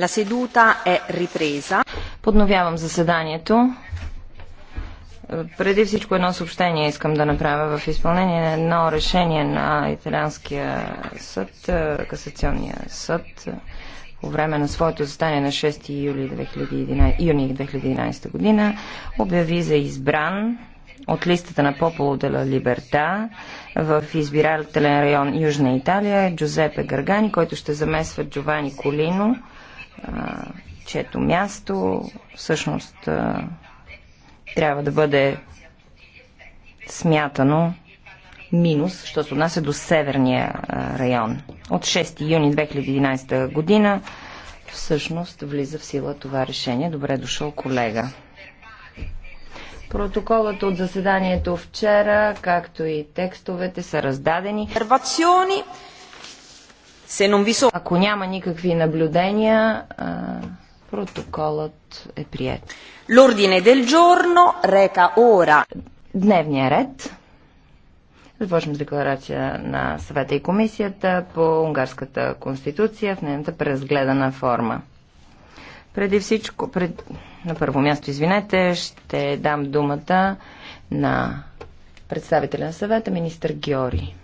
La seduta е ripresa. Подновявам заседанието. Преди всичко едно съобщение искам да направя в изпълнение на едно решение на Италианския съд, е, касационния съд, е, по време на своето заседание на 6 юли 2011, юни 2011 година обяви за избран от листата на Пополо де Либерта в избирателен район Южна Италия Джузепе Гаргани, който ще замесва Джовани Колино, чето място всъщност трябва да бъде смятано минус, що се отнася до северния район. От 6 юни 2011 година всъщност влиза в сила това решение. Добре дошъл, колега. Протоколът от заседанието вчера, както и текстовете са раздадени. Ако няма никакви наблюдения, протоколът е прият. Лордине дел джорно, река ОРА. Дневния ред. Започваме с декларация на съвета и комисията по унгарската конституция в нейната преразгледана форма. Преди всичко, пред... на първо място, извинете, ще дам думата на представителя на съвета, министър Георги.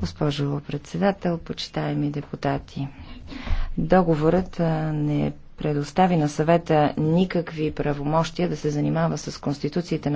Госпожо председател, почитаеми депутати, договорът не предостави на съвета никакви правомощия да се занимава с конституциите на